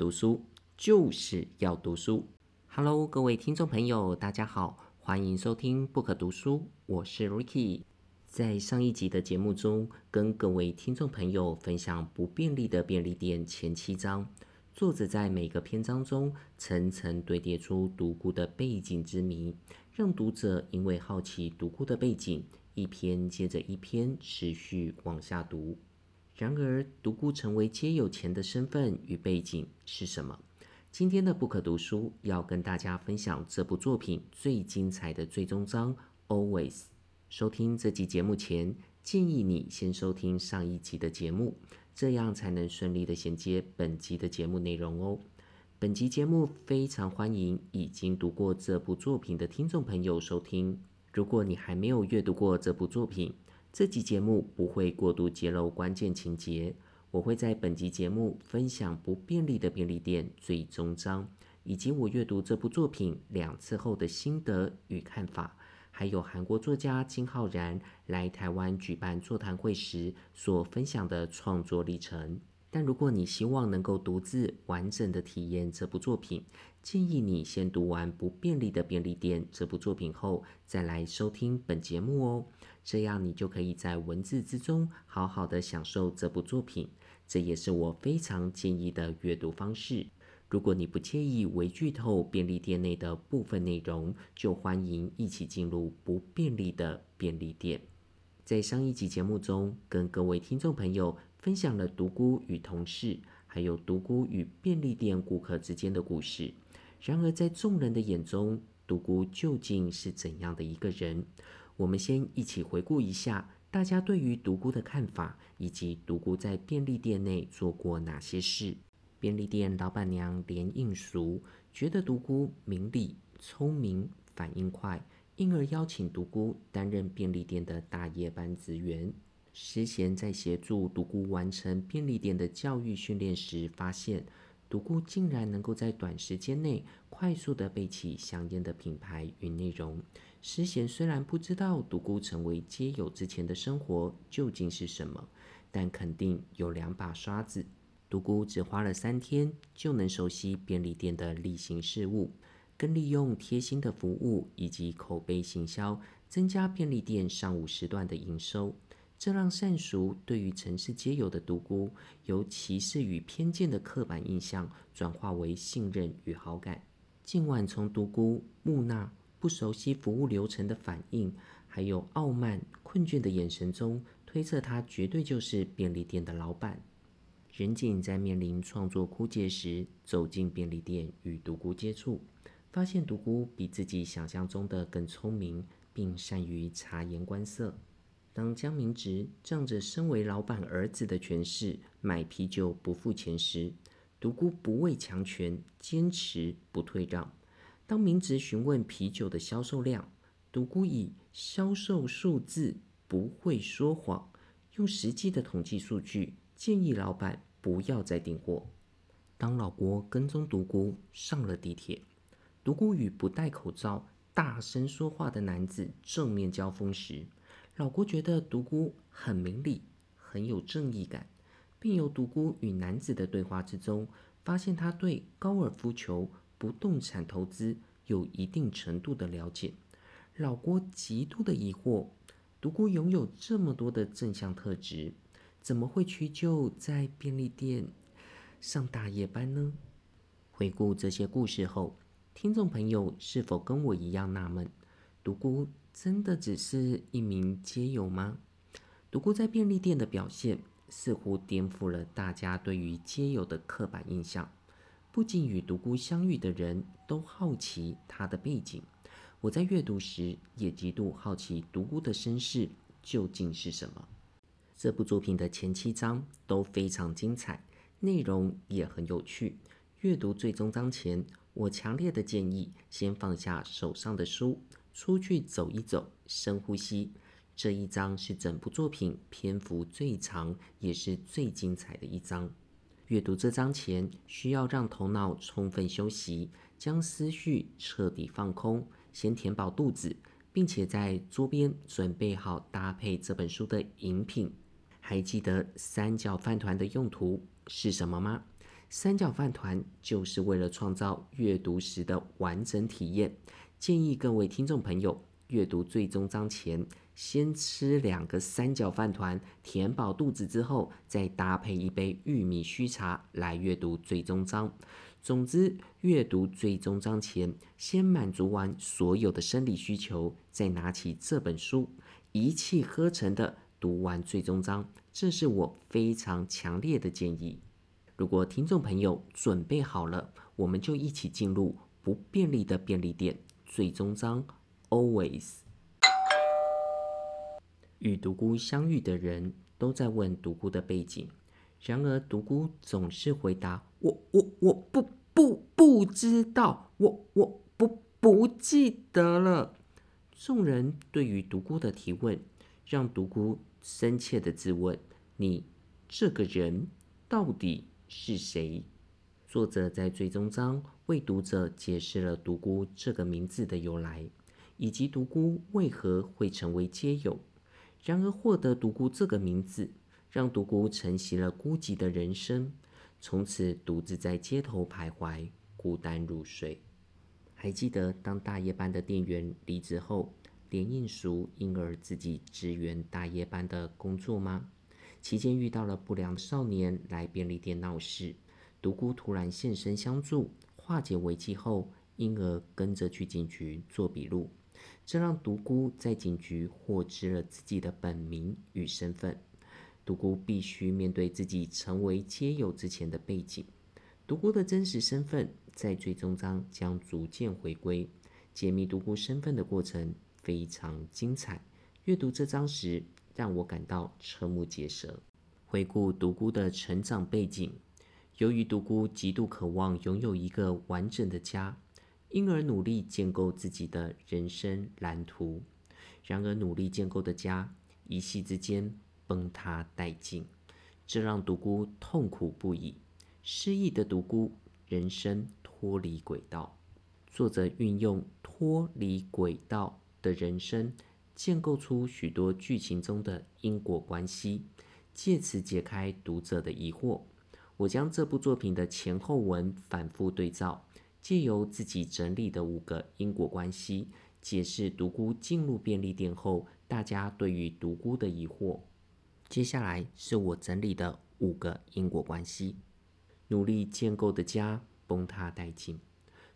讀書就是要讀書。哈嘍，各位聽眾朋友，大家好，歡迎收聽《Book 讀書》，我是 Ricky。在上一集的節目中，跟各位聽眾朋友分享《不便利的便利店》前七章。作者在每個篇章中層層堆疊出獨孤的背景之謎，讓讀者因為好奇獨孤的背景，一篇接着一篇持續往下讀。然而，獨孤成為街友前的身份與背景是什麼？今天的 Book 讀書要跟大家分享這部作品最精彩的最終章，Always。收聽這集節目前，建議你先收聽上一集的節目，這樣才能順利地銜接本集的節目內容哦。本集節目非常歡迎已經讀過這部作品的聽眾朋友收聽。如果你還沒有閱讀過這部作品，這集節目不會過度揭露關鍵情節，我會在本集節目分享《不便利的便利店》最終章，以及我閱讀這部作品兩次後的心得與看法，還有韓國作家金浩然來台灣舉辦座談會時所分享的創作歷程。但如果你希望能夠獨自完整的體驗這部作品，建議你先讀完《不便利的便利店》這部作品後，再來收聽本節目哦。這樣你就可以在文字之中好好的享受這部作品，這也是我非常建議的閱讀方式。如果你不介意微劇透便利店內的部分內容，就歡迎一起進入《不便利的便利店》。在上一集節目中，跟各位聽眾朋友。分享了獨孤與同事，還有獨孤與便利店顧客之間的故事。然而，在眾人的眼中，獨孤究竟是怎樣的一個人？我們先一起回顧一下大家對於獨孤的看法，以及獨孤在便利店內做過哪些事。便利店老板娘廉英淑覺得獨孤伶俐、聰明、反應快，因而邀請獨孤擔任便利店的大夜班職員。詩賢在協助獨孤完成便利店的教育訓練時，發現獨孤竟然能夠在短時間內快速的背起香煙的品牌與內容。詩賢雖然不知道獨孤成為街友之前的生活究竟是什麼，但肯定有兩把刷子。獨孤只花了三天就能熟悉便利店的例行事務，更利用貼心的服務以及口碑行銷，增加便利店上午時段的營收。這讓善熟對於城市街友的獨孤，由歧視與偏見的刻板印象轉化為信任與好感。近晚從獨孤木訥不熟悉服務流程的反應，還有傲慢困倦的眼神中，推測他絕對就是便利店的老闆。仁景在面臨創作枯竭時，走進便利店與獨孤接觸，發現獨孤比自己想象中的更聰明，並善於察言觀色。當江明直仗着身為老闆兒子的權勢買啤酒不付錢時，獨孤不畏強權，堅持不退讓。當明直詢問啤酒的銷售量，獨孤以銷售數字不會說謊，用實際的統計數據建議老闆不要再訂貨。當老郭跟蹤獨孤上了地鐵，獨孤與不戴口罩、大聲說話的男子正面交鋒時，老郭覺得獨孤很明理，很有正義感，並由獨孤與男子的對話之中，發現他對高爾夫球、不動產投資有一定程度的了解。老郭極度的疑惑：獨孤擁有這麼多的正向特質，怎麼會屈就在便利店上大夜班呢？回顧這些故事後，聽眾朋友是否跟我一樣納悶？獨孤真的只是一名街友嗎？獨孤在便利店的表現似乎顛覆了大家對於街友的刻板印象。不僅與獨孤相遇的人都好奇他的背景，我在閱讀時也極度好奇獨孤的身世究竟是什麼。這部作品的前七章都非常精彩，內容也很有趣。閱讀最終章前，我強烈的建議先放下手上的書。出去走一走，深呼吸。這一章是整部作品篇幅最長，也是最精彩的一章。閱讀這章前，需要讓頭腦充分休息，將思緒徹底放空，先填飽肚子，並且在桌邊準備好搭配這本書的飲品。還記得三角飯糰的用途是什麼嗎？三角飯糰就是為了創造閱讀時的完整體驗。建議各位聽眾朋友閱讀最終章前，先吃兩個三角飯糰填飽肚子，之後再搭配一杯玉米須茶來閱讀最終章。總之，閱讀最終章前，先滿足完所有的生理需求，再拿起這本書，一氣呵成的讀完最終章，這是我非常強烈的建議。如果聽眾朋友準備好了，我們就一起進入不便利的便利店。最終章，Always。與獨孤相遇的人都在問獨孤的背景，然而獨孤總是回答：“我我我不不不知道，我我不不不記得了。”眾人對於獨孤的提問，讓獨孤深切的自問：“你這個人到底是誰？”作者在最終章為讀者解釋了“獨孤”這個名字的由來，以及獨孤為何會成為街友。然而，獲得“獨孤”這個名字，讓獨孤承襲了孤寂的人生，從此獨自在街頭徘徊，孤單入睡。還記得當大夜班的店員離職後，連印淑因而自己支援大夜班的工作嗎？期間遇到了不良少年來便利店鬧事。獨孤突然現身相助，化解危機後，因而跟着去警局做筆錄，這讓獨孤在警局獲知了自己的本名與身份。獨孤必須面對自己成為街友之前的背景。獨孤的真實身份在最終章將逐漸回歸。解密獨孤身份的過程非常精彩。閱讀這章時，讓我感到瞠目結舌。回顧獨孤的成長背景。由於獨孤極度渴望擁有一個完整的家，因而努力建構自己的人生藍圖，然而努力建構的家一夕之間崩塌殆盡，這讓獨孤痛苦不已。失意的獨孤人生脫離軌道，作者運用脫離軌道的人生建構出許多劇情中的因果關係，借此解開讀者的疑惑。我將這部作品的前後文反覆對照，借由自己整理的五個因果關係，解釋獨孤進入便利店後，大家對於獨孤的疑惑。接下來是我整理的五個因果關係：努力建構的家崩塌殆盡，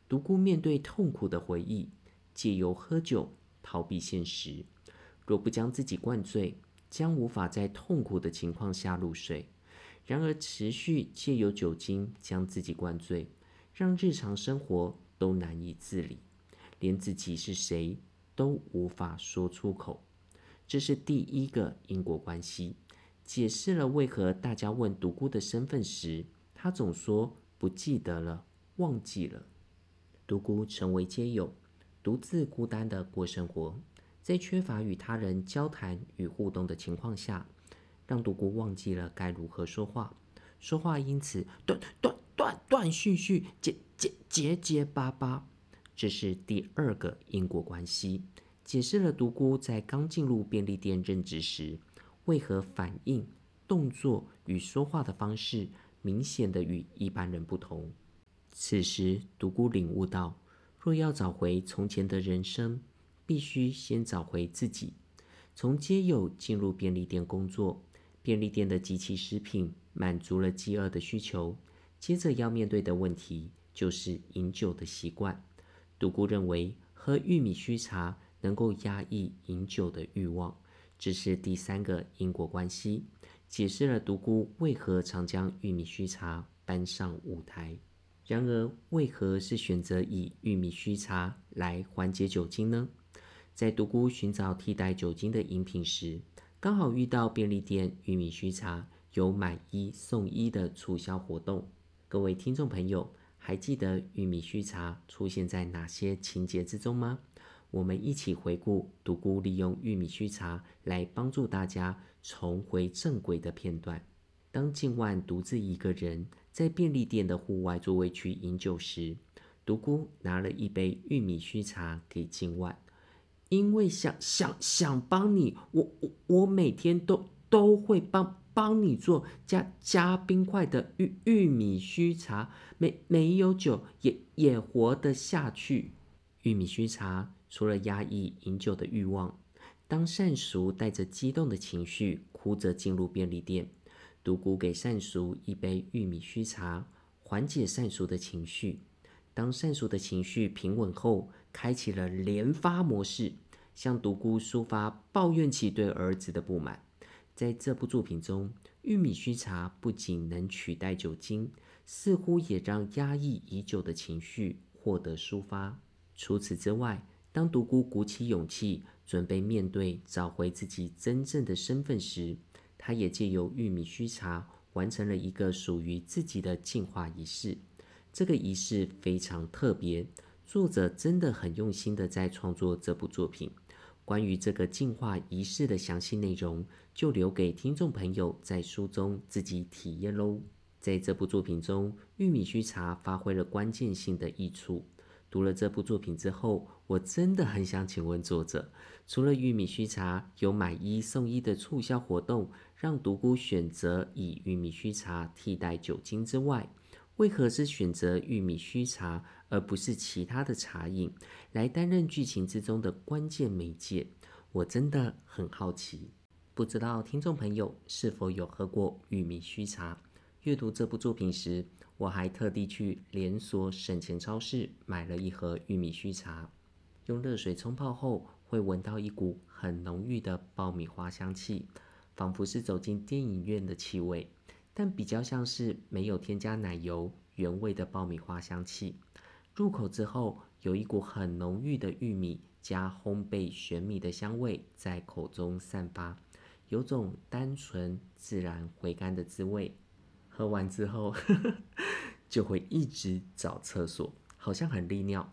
獨孤面對痛苦的回憶，借由喝酒逃避現實。若不將自己灌醉，將無法在痛苦的情況下入睡。然而，持續借由酒精將自己灌醉，讓日常生活都難以自理，連自己是誰都無法說出口。這是第一個因果關係，解釋了為何大家問獨孤的身份時，他總說不記得了、忘記了。獨孤成為街友，獨自孤單地過生活，在缺乏與他人交談與互動的情況下。讓獨孤忘記了該如何說話，說話因此斷斷斷斷續續，結結結結巴巴。這是第二個因果關係，解釋了獨孤在剛進入便利店任職時，為何反應、動作與說話的方式明顯的與一般人不同。此時，獨孤領悟到，若要找回從前的人生，必須先找回自己。從街友進入便利店工作。便利店的即食食品滿足了飢餓的需求。接着要面對的問題就是飲酒的習慣。獨孤認為喝玉米鬚茶能夠壓抑飲酒的慾望，這是第三個因果關係，解釋了獨孤為何常將玉米鬚茶搬上舞台。然而，為何是選擇以玉米鬚茶來緩解酒精呢？在獨孤尋找替代酒精的飲品時。剛好遇到便利店玉米須茶有買一送一的促銷活動。各位聽眾朋友，還記得玉米須茶出現在哪些情節之中嗎？我們一起回顧獨孤利用玉米須茶來幫助大家重回正軌的片段。當靖萬獨自一個人在便利店的戶外座位區飲酒時，獨孤拿了一杯玉米須茶給靖萬。因為想想想幫你，我我我每天都都會幫幫你做加加冰塊的玉玉米須茶，沒沒有酒也也活得下去。玉米須茶除了壓抑飲酒的欲望，當善淑帶着激動的情緒哭着進入便利店，獨孤給善淑一杯玉米須茶，緩解善淑的情緒。當善淑的情緒平穩後，開啟了連發模式。向獨孤抒發抱怨起對兒子的不滿。在這部作品中，玉米鬚茶不僅能取代酒精，似乎也讓壓抑已久的情緒獲得抒發。除此之外，當獨孤鼓起勇氣準備面對找回自己真正的身份時，他也借由玉米鬚茶完成了一個屬於自己的進化儀式。這個儀式非常特別，作者真的很用心的在創作這部作品。關於這個淨化儀式的詳細內容，就留給聽眾朋友在書中自己體驗嘍。在這部作品中，玉米鬚茶發揮了關鍵性的益處。讀了這部作品之後，我真的很想請問作者：除了玉米鬚茶有買一送一的促銷活動，讓獨孤選擇以玉米鬚茶替代酒精之外，為何是選擇玉米鬚茶而不是其他的茶飲來擔任劇情之中的關鍵媒介？我真的很好奇，不知道聽眾朋友是否有喝過玉米鬚茶？閱讀這部作品時，我還特地去連鎖省錢超市買了一盒玉米鬚茶，用熱水沖泡後，會聞到一股很濃郁的爆米花香氣，仿佛是走進電影院的氣味。但比較像是沒有添加奶油原味的爆米花香氣，入口之後有一股很濃郁的玉米加烘焙玄米的香味在口中散發，有種單純自然回甘的滋味。喝完之後呵呵就會一直找廁所，好像很利尿。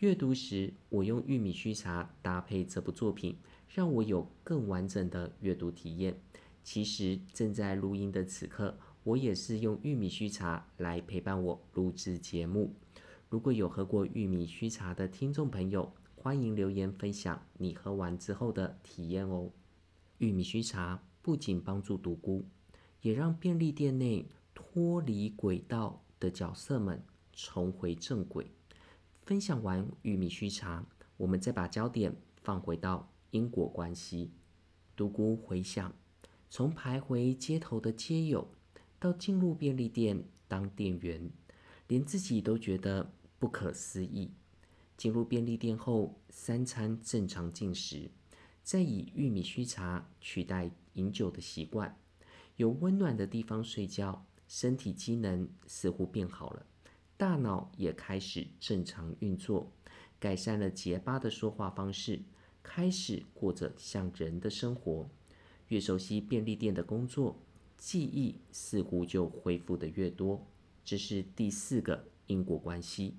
閱讀時我用玉米鬚茶搭配這部作品，讓我有更完整的閱讀體驗。其實正在錄音的此刻，我也是用玉米鬚茶來陪伴我錄製節目。如果有喝過玉米鬚茶的聽眾朋友，歡迎留言分享你喝完之後的體驗哦。玉米鬚茶不僅幫助獨孤，也讓便利店內脫離軌道的角色們重回正軌。分享完玉米鬚茶，我們再把焦點放回到因果關係。獨孤回想。從徘徊街頭的街友，到進入便利店當店員，連自己都覺得不可思議。進入便利店後，三餐正常進食，再以玉米須茶取代飲酒的習慣，有溫暖的地方睡覺，身體機能似乎變好了，大腦也開始正常運作，改善了結巴的說話方式，開始過着像人的生活。越熟悉便利店的工作，記憶似乎就恢復得越多。這是第四個因果關係，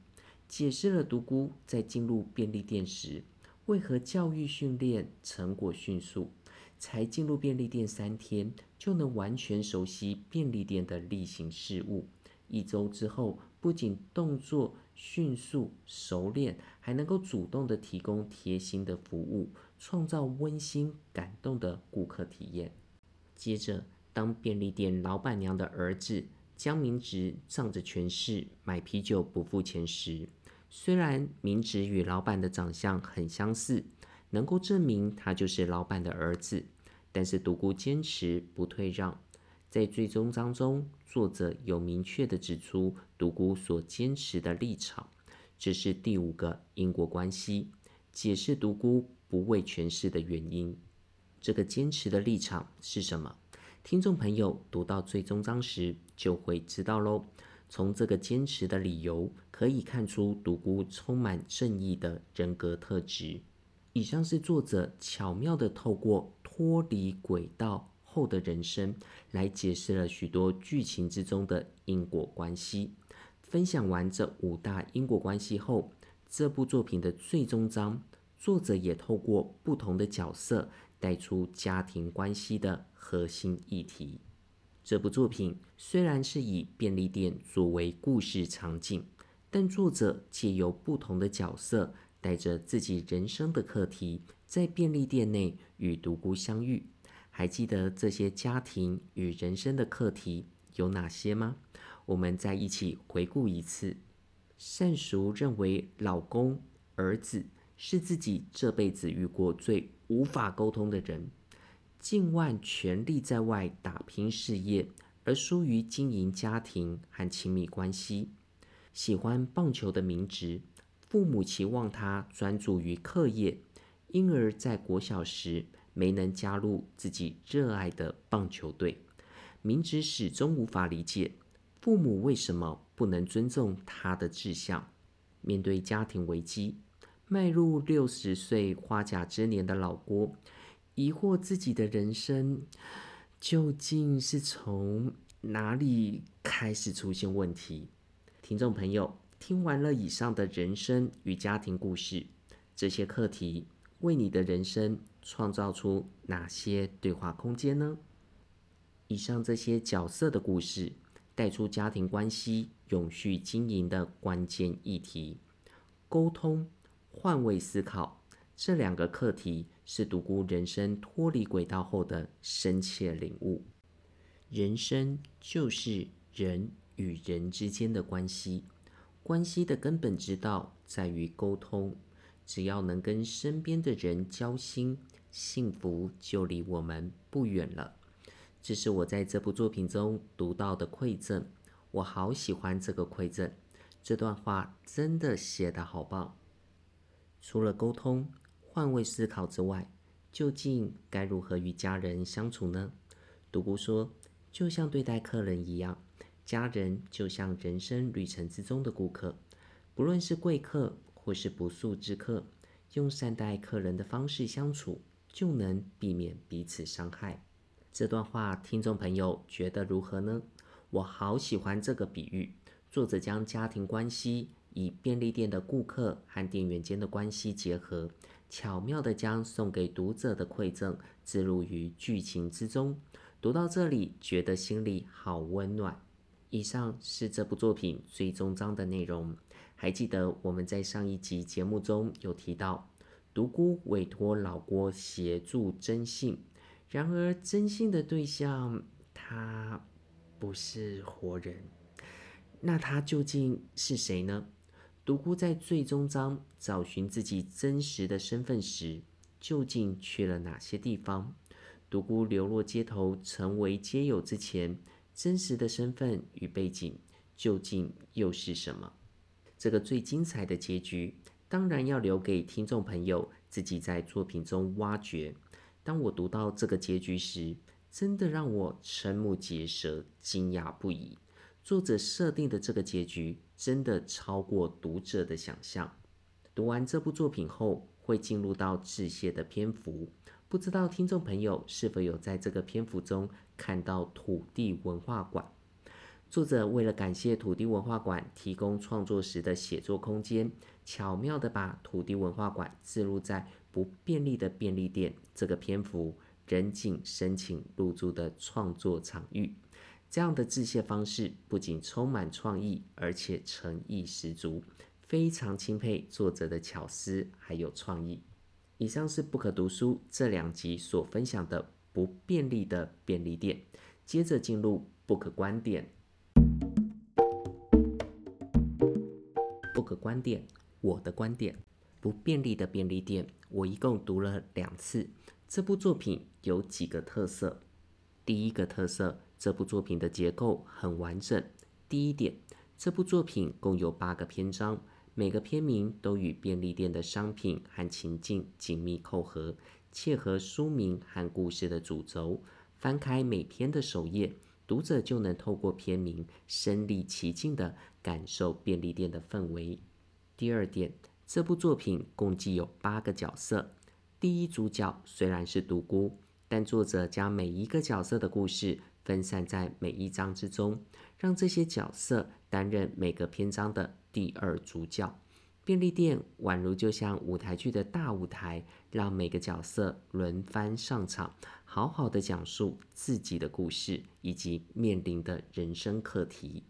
解釋了獨孤在進入便利店時為何教育訓練成果迅速。才進入便利店三天就能完全熟悉便利店的例行事務，一周之後不僅動作迅速熟練，還能夠主動地提供貼心的服務，創造溫馨感動的顧客體驗。接着，當便利店老闆娘的兒子江明直仗着權勢買啤酒不付錢時，雖然明直與老闆的長相很相似，能夠證明他就是老闆的兒子，但是獨孤堅持不退讓。在最終章中，作者有明確地指出獨孤所堅持的立場，這是第五個因果關係，解釋獨孤不畏權勢的原因，這個堅持的立場是什麼？聽眾朋友讀到最終章時就會知道嘍。從這個堅持的理由可以看出，獨孤充滿正義的人格特質。以上是作者巧妙地透過脫離軌道後的人生，來解釋了許多劇情之中的因果關係。分享完這五大因果關係後，這部作品的最終章，作者也透過不同的角色帶出家庭關係的核心議題。這部作品雖然是以便利店作為故事場景，但作者借由不同的角色帶着自己人生的課題，在便利店內與獨孤相遇。還記得這些家庭與人生的課題有哪些嗎？我們再一起回顧一次。善淑認為，老公、兒子。是自己這輩子遇過最無法溝通的人，盡萬全力在外打拼事業，而疏於經營家庭和親密關係。喜歡棒球的明直，父母期望他專注於課業，因而，在國小時沒能加入自己熱愛的棒球隊。明直始終無法理解父母為什麼不能尊重他的志向。面對家庭危機，邁入六十歲花甲之年的老郭，疑惑自己的人生究竟是從哪裡開始出現問題？聽眾朋友，聽完了以上的人生與家庭故事，這些課題為你的人生創造出哪些對話空間呢？以上這些角色的故事帶出家庭關係永續經營的關鍵議題：溝通。換位思考，這兩個課題是獨孤人生脫離軌道後的深切領悟。人生就是人與人之間的關係，關係的根本之道在於溝通。只要能跟身邊的人交心，幸福就離我們不遠了。這是我在這部作品中讀到的饋贈，我好喜歡這個饋贈。這段話真的寫得好棒。除了溝通、換位思考之外，究竟該如何與家人相處呢？獨孤說：“就像對待客人一樣，家人就像人生旅程之中的顧客，不論是貴客或是不速之客，用善待客人的方式相處，就能避免彼此傷害。”這段話，聽眾朋友覺得如何呢？我好喜歡這個比喻，作者將家庭關係，以便利店的顧客和店員間的關係結合，巧妙地將送給讀者的饋贈植入於劇情之中。讀到這裡，覺得心裡好溫暖。以上是這部作品最終章的內容。還記得我們在上一集節目中有提到，獨孤委託老郭協助徵信，然而徵信的對象他不是活人，那他究竟是誰呢？獨孤在最終章找尋自己真實的身份時，究竟去了哪些地方？獨孤流落街頭，成為街友之前，真實的身份與背景究竟又是什麼？這個最精彩的結局，當然要留給聽眾朋友自己在作品中挖掘。當我讀到這個結局時，真的讓我瞠目結舌，驚訝不已。作者設定的這個結局。真的超過讀者的想象讀完這部作品後會進入到致謝的篇幅。不知道聽眾朋友是否有在這個篇幅中看到土地文化館？作者為了感謝土地文化館提供創作時的寫作空間，巧妙地把土地文化館置入在不便利的便利店這個篇幅人景申請入住的創作場域。這樣的致謝方式不僅充滿創意，而且誠意十足，非常欽佩作者的巧思還有創意。以上是 Book 讀書這兩集所分享的不便利的便利店。接着進入 Book 觀點。Book 觀點，我的觀點。不便利的便利店，我一共讀了兩次。這部作品有幾個特色？第一個特色。這部作品的結構很完整。第一點，這部作品共有八個篇章，每個篇名都與便利店的商品和情境緊密扣合，切合書名和故事的主軸。翻開每篇的首頁，讀者就能透過篇名身歷其境地感受便利店的氛圍。第二點，這部作品共計有八個角色。第一主角雖然是獨孤，但作者將每一個角色的故事，分散在每一章之中，讓這些角色擔任每個篇章的第二主角。便利店宛如就像舞台劇的大舞台，讓每個角色輪番上場，好好的講述自己的故事以及面臨的人生課題。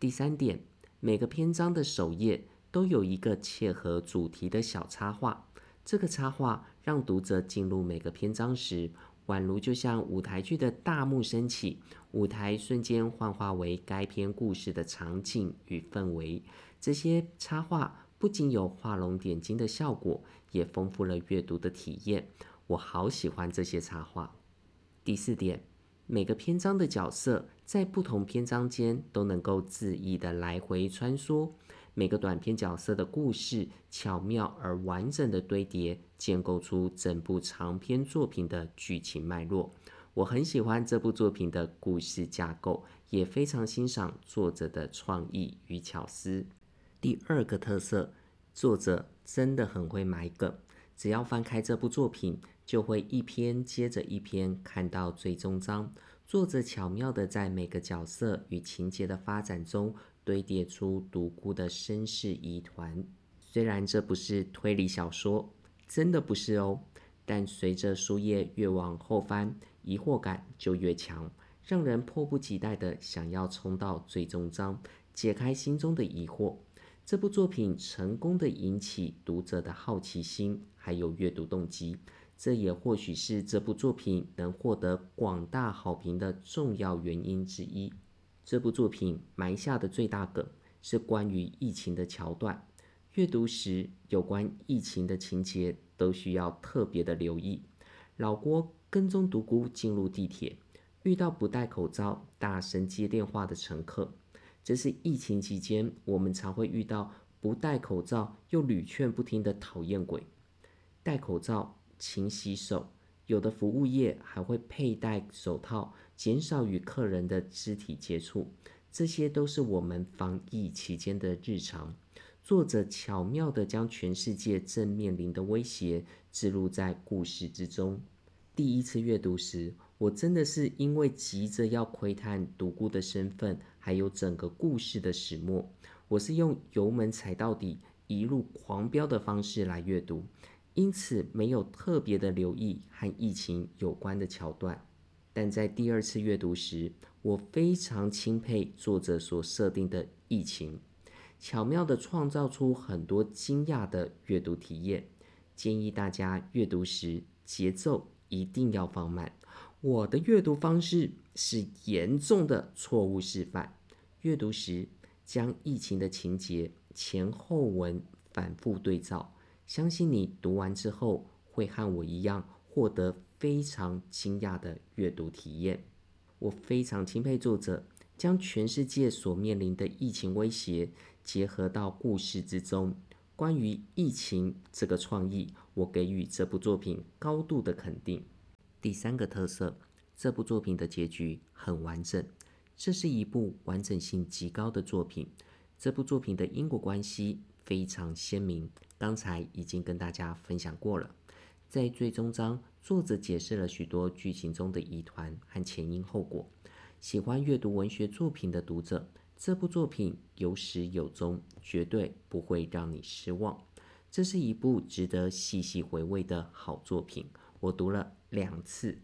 第三點，每個篇章的首頁都有一個切合主題的小插畫，這個插畫讓讀者進入每個篇章時。宛如就像舞台劇的大幕升起，舞台瞬間幻化為該篇故事的場景與氛圍。這些插畫不僅有畫龍點睛的效果，也豐富了閱讀的體驗。我好喜歡這些插畫。第四點，每個篇章的角色在不同篇章間都能夠恣意地來回穿梭。每個短篇角色的故事巧妙而完整的堆疊，建構出整部長篇作品的劇情脈絡。我很喜歡這部作品的故事架構，也非常欣賞作者的創意與巧思。第二個特色，作者真的很會埋梗，只要翻開這部作品，就會一篇接着一篇看到最終章。作者巧妙的在每個角色與情節的發展中。堆疊出獨孤的身世疑團，雖然這不是推理小說，真的不是哦。但隨着書頁越往後翻，疑惑感就越強，讓人迫不及待的想要衝到最終章，解開心中的疑惑。這部作品成功的引起讀者的好奇心，還有閱讀動機，這也或許是這部作品能獲得廣大好評的重要原因之一。這部作品埋下的最大梗是關於疫情的橋段。閱讀時，有關疫情的情節都需要特別的留意。老郭跟蹤獨孤進入地鐵，遇到不戴口罩、大聲接電話的乘客。這是疫情期間我們常會遇到不戴口罩又屢勸不聽的討厭鬼。戴口罩，勤洗手。有的服務業還會佩戴手套，減少與客人的肢體接觸，這些都是我們防疫期間的日常。作者巧妙地將全世界正面臨的威脅植入在故事之中。第一次閱讀時，我真的是因為急着要窺探獨孤的身份，還有整個故事的始末，我是用油門踩到底，一路狂飆的方式來閱讀。因此沒有特別的留意和疫情有關的橋段，但在第二次閱讀時，我非常欽佩作者所設定的疫情，巧妙地創造出很多驚訝的閱讀體驗。建議大家閱讀時節奏一定要放慢。我的閱讀方式是嚴重的錯誤示範。閱讀時將疫情的情節前後文反覆對照。相信你讀完之後會和我一樣獲得非常驚訝的閱讀體驗。我非常欽佩作者將全世界所面臨的疫情威脅結合到故事之中。關於疫情這個創意，我給予這部作品高度的肯定。第三個特色，這部作品的結局很完整，這是一部完整性極高的作品。這部作品的因果關係，非常鮮明，剛才已經跟大家分享過了。在最終章，作者解釋了許多劇情中的疑團和前因後果。喜歡閱讀文學作品的讀者，這部作品有始有終，絕對不會讓你失望。這是一部值得細細回味的好作品。我讀了兩次。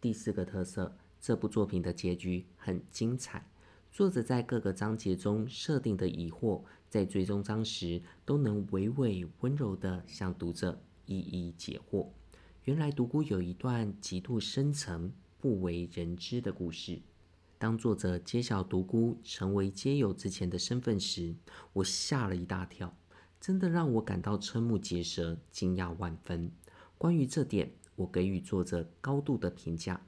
第四個特色，這部作品的結局很精彩。作者在各個章節中設定的疑惑，在最終章時，都能娓娓溫柔的向讀者一一解惑。原來獨孤有一段極度深層不為人知的故事。當作者揭曉獨孤成為街友之前的身份時，我嚇了一大跳，真的讓我感到瞠目結舌，驚訝萬分。關於這點，我給予作者高度的評價。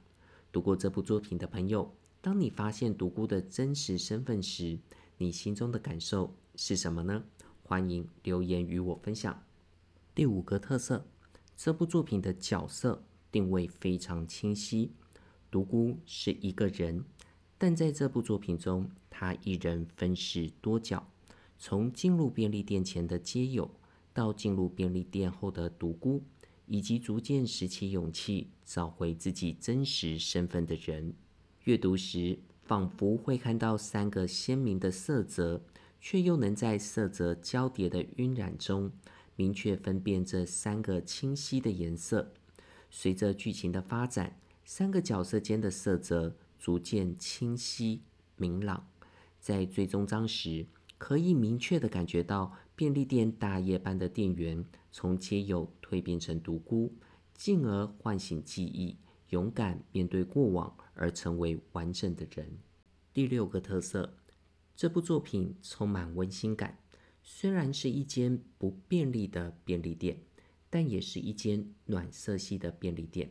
讀過這部作品的朋友，當你發現獨孤的真實身份時，你心中的感受是什麼呢？歡迎留言與我分享。第五個特色，這部作品的角色定位非常清晰。獨孤是一個人，但在這部作品中，他一人分飾多角，從進入便利店前的街友，到進入便利店後的獨孤，以及逐漸拾起勇氣找回自己真實身份的人。閱讀時，仿佛會看到三個鮮明的色澤，卻又能在色澤交疊的暈染中，明確分辨這三個清晰的顏色。隨着劇情的發展，三個角色間的色澤逐漸清晰明朗。在最終章時，可以明確的感覺到便利店大夜班的店員從街友蛻變成獨孤，進而喚醒記憶。勇敢面對過往而成為完整的人。第六個特色，這部作品充滿溫馨感。雖然是一間不便利的便利店，但也是一間暖色系的便利店。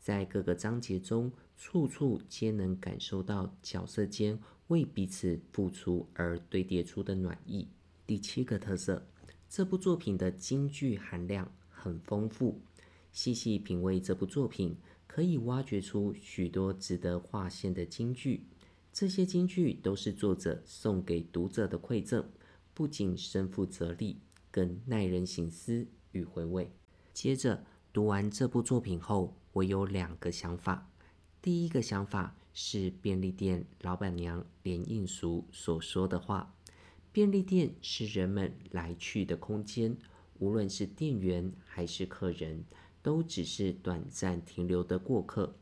在各個章節中，處處皆能感受到角色間為彼此付出而堆疊出的暖意。第七個特色，這部作品的金句含量很豐富。細細品味這部作品。可以挖掘出許多值得劃線的金句，這些金句都是作者送給讀者的饋贈，不僅深富哲理，更耐人尋思與回味。接着讀完這部作品後，我有兩個想法。第一個想法是便利店老闆娘連映淑所說的話：“便利店是人們來去的空間，無論是店員還是客人。”都只是短暫停留的過客。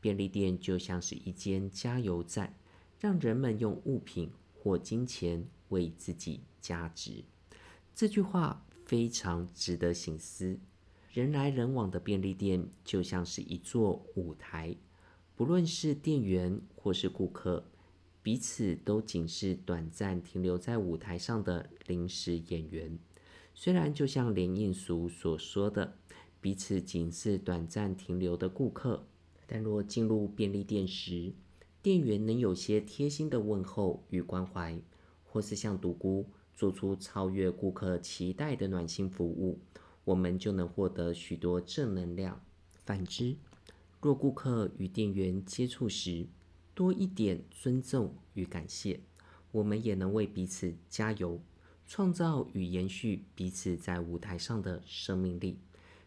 便利店就像是一間加油站，讓人們用物品或金錢為自己加值。這句話非常值得省思。人來人往的便利店就像是一座舞台，不論是店員或是顧客，彼此都僅是短暫停留在舞台上的臨時演員。雖然就像林映俗所說的。彼此僅是短暫停留的顧客，但若進入便利店時，店員能有些貼心的問候與關懷，或是像獨孤做出超越顧客期待的暖心服務，我們就能獲得許多正能量。反之，若顧客與店員接觸時多一點尊重與感謝，我們也能為彼此加油，創造與延續彼此在舞台上的生命力。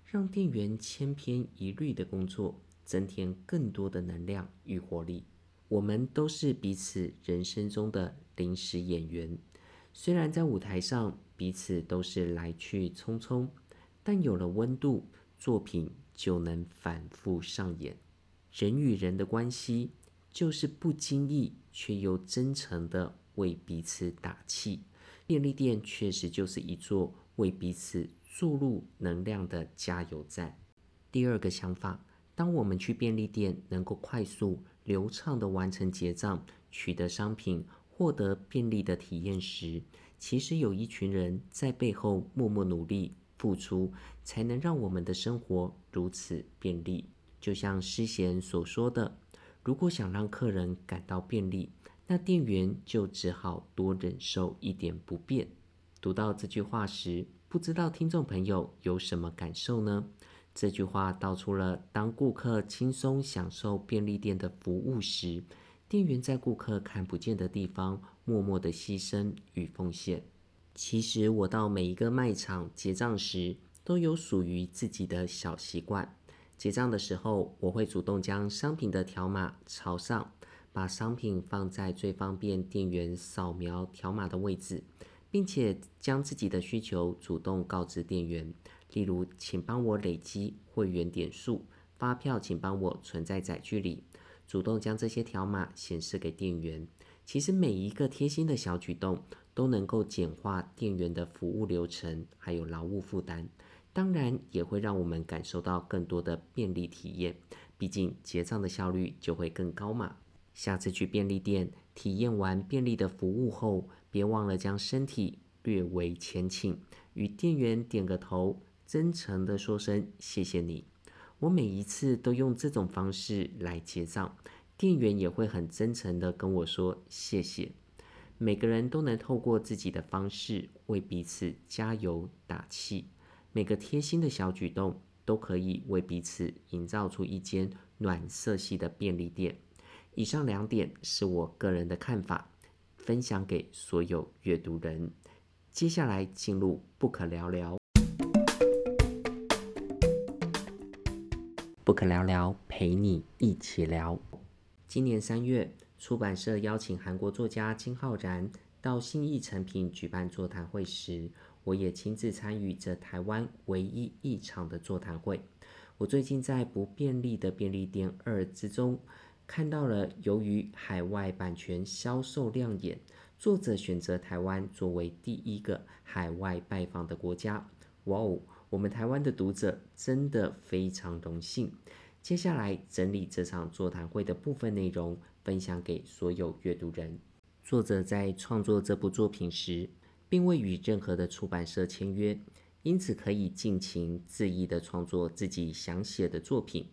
讓店員千篇一律的工作增添更多的能量與活力。我們都是彼此人生中的臨時演員，雖然在舞台上彼此都是來去匆匆，但有了溫度，作品就能反覆上演。人與人的關係就是不經意卻又真誠的為彼此打氣。便利店確實就是一座為彼此。注入能量的加油站。第二個想法：當我們去便利店，能夠快速、流暢的完成結賬、取得商品、獲得便利的體驗時，其實有一群人在背後默默努力付出，才能讓我們的生活如此便利。就像詩賢所說的：“如果想讓客人感到便利，那店員就只好多忍受一點不便。”讀到這句話時，不知道聽眾朋友有什麼感受呢？這句話道出了當顧客輕鬆享受便利店的服務時，店員在顧客看不見的地方默默地犧牲與奉獻。其實我到每一個賣場結賬時，都有屬於自己的小習慣。結賬的時候，我會主動將商品的條碼朝上，把商品放在最方便店員掃描條碼的位置。並且將自己的需求主動告知店員，例如，請幫我累積會員點數，發票請幫我存在載具裡，主動將這些條碼顯示給店員。其實每一個貼心的小舉動，都能夠簡化店員的服務流程，還有勞務負擔。當然，也會讓我們感受到更多的便利體驗。畢竟，結賬的效率就會更高嘛。下次去便利店體驗完便利的服務後。別忘了將身體略微前傾，與店員點個頭，真誠地說聲謝謝你。我每一次都用這種方式來結賬，店員也會很真誠地跟我說謝謝。每個人都能透過自己的方式為彼此加油打氣，每個貼心的小舉動都可以為彼此營造出一間暖色系的便利店。以上兩點是我個人的看法。分享給所有閱讀人。接下來進入不可聊聊，不可聊聊陪你一起聊。今年三月，出版社邀請韓國作家金浩然到信義誠品舉辦座談會時，我也親自參與這台灣唯一一場的座談會。我最近在《不便利的便利店二》之中看到了，由於海外版權銷售亮眼，作者選擇台灣作為第一個海外拜訪的國家。哇哦，我們台灣的讀者真的非常榮幸。接下來整理這場座談會的部分內容，分享給所有閱讀人。作者在創作這部作品時，並未與任何的出版社簽約，因此可以盡情恣意的創作自己想寫的作品。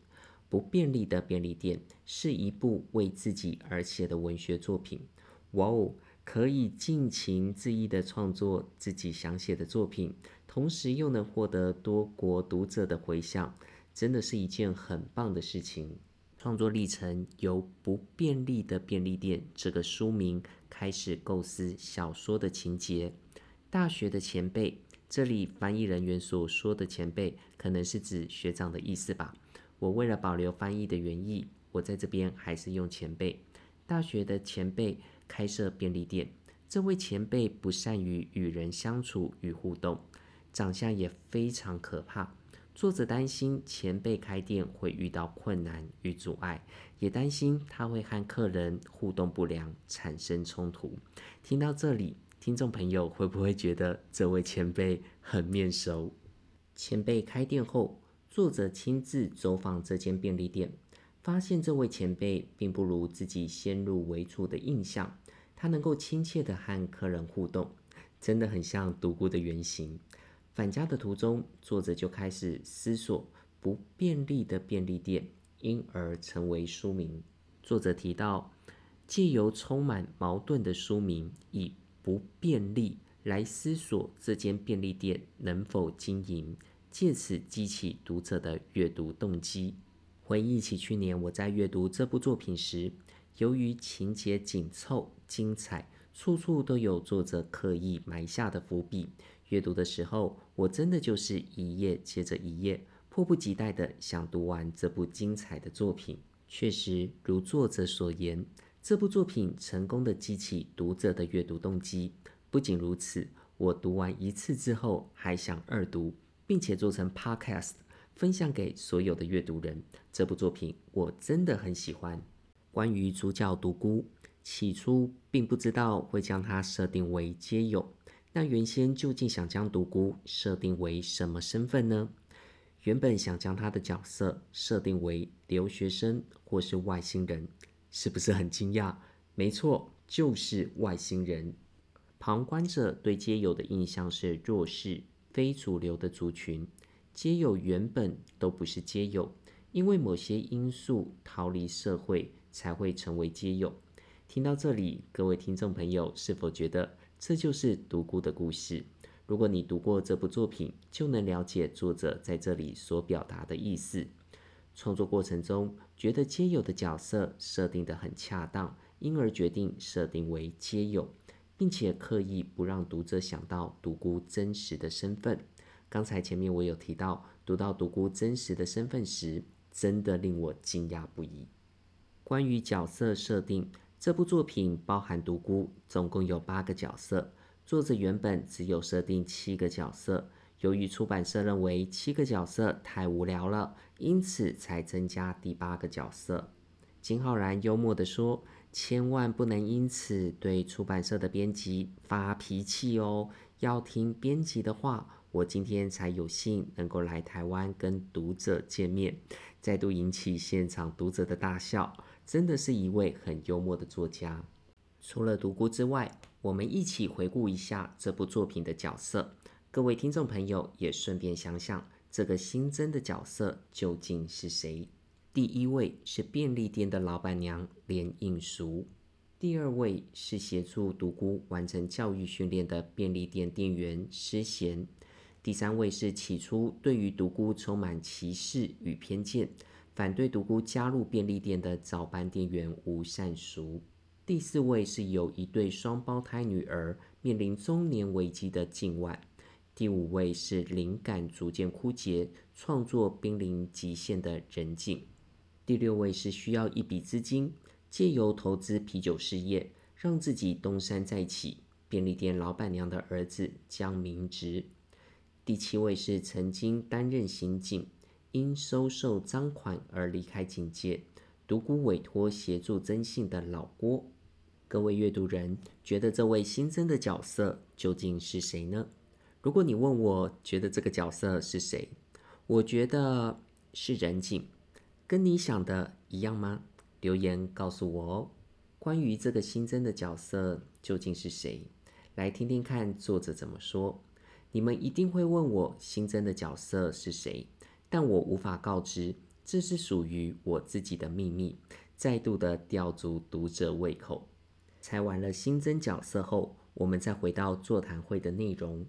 不便利的便利店是一部為自己而寫的文學作品。哇哦，可以盡情恣意地創作自己想寫的作品，同時又能獲得多國讀者的回響，真的是一件很棒的事情。創作歷程由不便利的便利店這個書名開始構思小說的情節。大學的前輩，這裡翻譯人員所說的前輩，可能是指學長的意思吧。我為了保留翻譯的原意，我在這邊還是用前輩。大學的前輩開設便利店，這位前輩不善於與人相處與互動，長相也非常可怕。作者擔心前輩開店會遇到困難與阻礙，也擔心他會和客人互動不良，產生衝突。聽到這裡，聽眾朋友會不會覺得這位前輩很面熟？前輩開店後，作者親自走訪這間便利店，發現這位前輩並不如自己先入為主的印象，他能夠親切的和客人互動，真的很像獨孤的原型。返家的途中，作者就開始思索不便利的便利店，因而成為書名。作者提到，借由充滿矛盾的書名，以不便利來思索這間便利店能否經營。借此激起讀者的閱讀動機。回憶起去年我在閱讀這部作品時，由於情節緊湊、精彩，處處都有作者刻意埋下的伏筆。閱讀的時候，我真的就是一頁接着一頁，迫不及待的想讀完這部精彩的作品。確實，如作者所言，這部作品成功的激起讀者的閱讀動機。不僅如此，我讀完一次之後，還想二讀。並且做成 podcast 分享給所有的閱讀人。這部作品我真的很喜歡。關於主角獨孤，起初並不知道會將他設定為街友。那原先究竟想將獨孤設定為什麼身份呢？原本想將他的角色設定為留學生或是外星人，是不是很驚訝？沒錯，就是外星人。旁觀者對街友的印象是弱勢。非主流的族群。街友原本都不是街友，因為某些因素逃離社會，才會成為街友。聽到這裡，各位聽眾朋友是否覺得這就是獨孤的故事？如果你讀過這部作品，就能了解作者在這裡所表達的意思。創作過程中覺得街友的角色設定得很恰當，因而決定設定為街友。並且刻意不讓讀者想到獨孤真實的身份。剛才前面我有提到，讀到獨孤真實的身份時，真的令我驚訝不已。關於角色設定，這部作品包含獨孤，總共有八個角色，作者原本只有設定七個角色，由於出版社認為七個角色太無聊了，因此才增加第八個角色。金浩然幽默地說，千萬不能因此對出版社的編輯發脾氣哦，要聽編輯的話。我今天才有幸能夠來台灣跟讀者見面，再度引起現場讀者的大笑，真的是一位很幽默的作家。除了獨孤之外，我們一起回顧一下這部作品的角色。各位聽眾朋友也順便想想，這個新增的角色究竟是誰？第一位是便利店的老板娘連映淑，第二位是協助獨孤完成教育訓練的便利店店員施賢，第三位是起初對於獨孤充滿歧視與偏見，反對獨孤加入便利店的早班店員吳善淑，第四位是有一對雙胞胎女兒面臨中年危機的靜婉，第五位是靈感逐漸枯竭，創作瀕臨極限的人靜。第六位是需要一筆資金，借由投資啤酒事業，讓自己東山再起，便利店老闆娘的兒子江明植。第七位是曾經擔任刑警，因收受贓款而離開警界，獨孤委託協助徵信的老郭。各位閱讀人，覺得這位新生的角色究竟是誰呢？如果你問我，覺得這個角色是誰？我覺得是人警。跟你想的一樣嗎？留言告訴我哦。關於這個新增的角色究竟是誰，來聽聽看作者怎麼說。你們一定會問我新增的角色是誰，但我無法告知，這是屬於我自己的秘密。再度的吊足讀者胃口。猜完了新增角色後，我們再回到座談會的內容。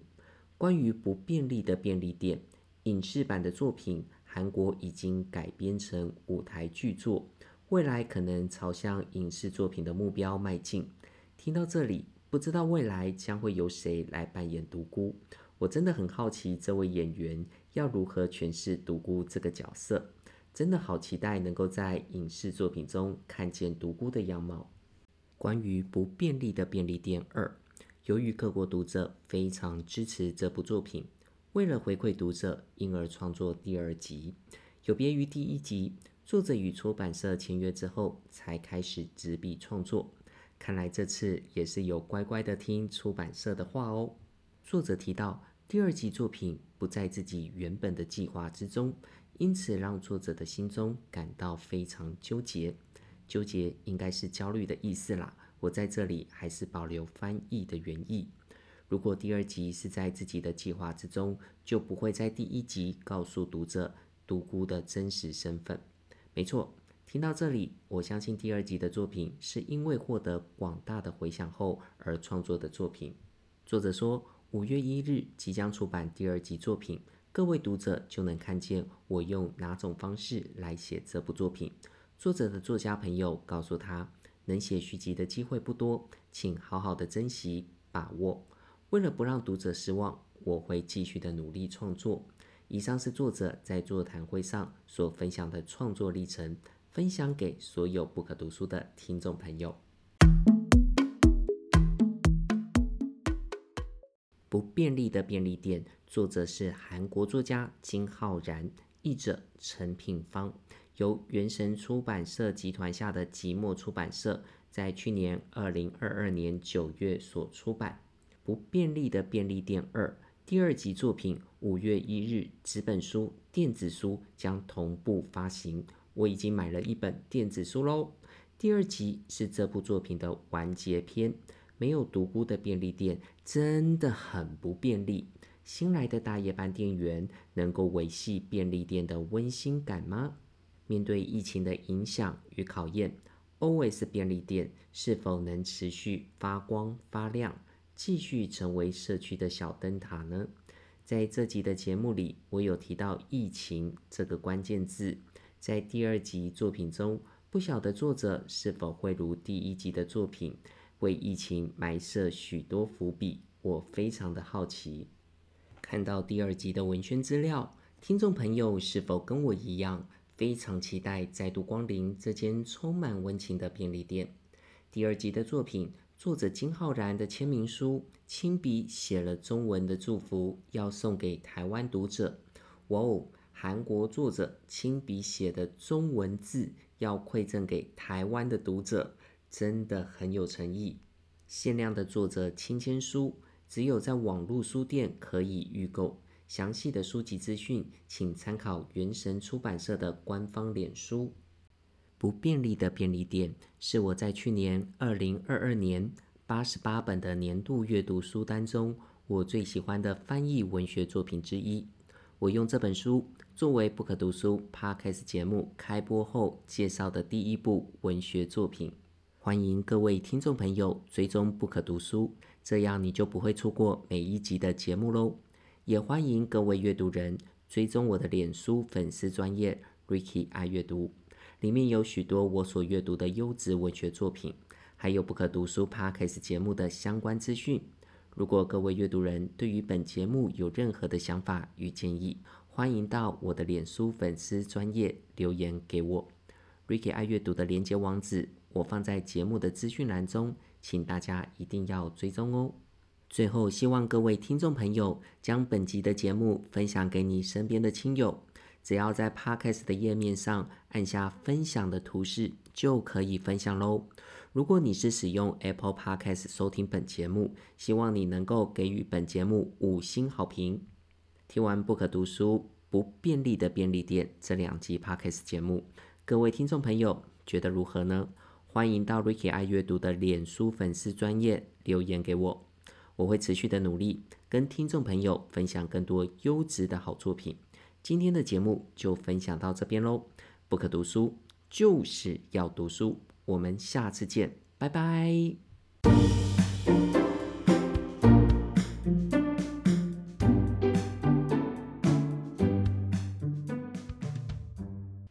關於不便利的便利店影視版的作品。韓國已經改編成舞台劇作，未來可能朝向影視作品的目標邁進。聽到這裡，不知道未來將會由誰來扮演獨孤，我真的很好奇這位演員要如何詮釋獨孤這個角色，真的好期待能夠在影視作品中看見獨孤的樣貌。關於不便利的便利店二，由於各國讀者非常支持這部作品。為了回饋讀者，因而創作第二集。有別於第一集，作者與出版社簽約之後才開始執筆創作。看來這次也是有乖乖地聽出版社的話哦。作者提到，第二集作品不在自己原本的計劃之中，因此讓作者的心中感到非常糾結。糾結應該是焦慮的意思啦。我在這裡還是保留翻譯的原意。如果第二集是在自己的計劃之中，就不會在第一集告訴讀者獨孤的真實身份。沒錯，聽到這裡，我相信第二集的作品是因為獲得廣大的回響後而創作的作品。作者說，五月一日即將出版第二集作品，各位讀者就能看見我用哪種方式來寫這部作品。作者的作家朋友告訴他，能寫續集的機會不多，請好好的珍惜把握。為了不讓讀者失望，我會繼續的努力創作。以上是作者在座談會上所分享的創作歷程，分享給所有 Book 讀書的聽眾朋友。不便利的便利店，作者是韓國作家金浩然，譯者陳品芳，由圓神出版社集團下的寂寞出版社在去年二零二二年九月所出版。不便利的便利店二，第二集作品，五月一日，紙本書、電子書將同步發行。我已經買了一本電子書嘍。第二集是這部作品的完結篇。沒有獨孤的便利店真的很不便利。新來的大夜班店員能夠維繫便利店的溫馨感嗎？面對疫情的影響與考驗，Always 便利店是否能持續發光發亮？繼續成為社區的小燈塔呢？在這集的節目裡，我有提到“疫情”這個關鍵字。在第二集作品中，不曉得作者是否會如第一集的作品，為疫情埋設許多伏筆，我非常的好奇。看到第二集的文宣資料，聽眾朋友是否跟我一樣，非常期待再度光臨這間充滿溫情的便利店？第二集的作品。作者金浩然的簽名書，親筆寫了中文的祝福，要送給台灣讀者。哇哦，韓國作者親筆寫的中文字，要饋贈給台灣的讀者，真的很有誠意。限量的作者親簽書，只有在網絡書店可以預購。詳細的書籍資訊，請參考圓神出版社的官方臉書。不便利的便利店是我在去年二零二二年八十八本的年度閱讀書單中，我最喜歡的翻譯文學作品之一。我用這本書作為 Book 讀書 Podcast 節目開播後介紹的第一部文學作品。歡迎各位聽眾朋友追蹤 Book 讀書，這樣你就不會錯過每一集的節目嘍。也歡迎各位閱讀人追蹤我的臉書粉絲專頁 Ricky 愛閱讀。裡面有許多我所閱讀的優質文學作品，還有不可讀書 Podcast 節目的相關資訊。如果各位閱讀人對於本節目有任何的想法與建議，歡迎到我的臉書粉絲專頁留言給我。Ricky 愛閱讀的連接網址我放在節目的資訊欄中，請大家一定要追蹤哦。最後，希望各位聽眾朋友將本集的節目分享給你身邊的親友。只要在 Podcast 的頁面上按下分享的圖示，就可以分享嘍。如果你是使用 Apple Podcast 收聽本節目，希望你能夠給予本節目五星好評。聽完《Book 讀書》《不便利的便利店》這兩集 Podcast 節目，各位聽眾朋友覺得如何呢？歡迎到 Ricky 愛閱讀的臉書粉絲專頁留言給我，我會持續的努力，跟聽眾朋友分享更多優質的好作品。今天的節目就分享到這邊嘍，Book 讀書就是要讀書，我們下次見，拜拜。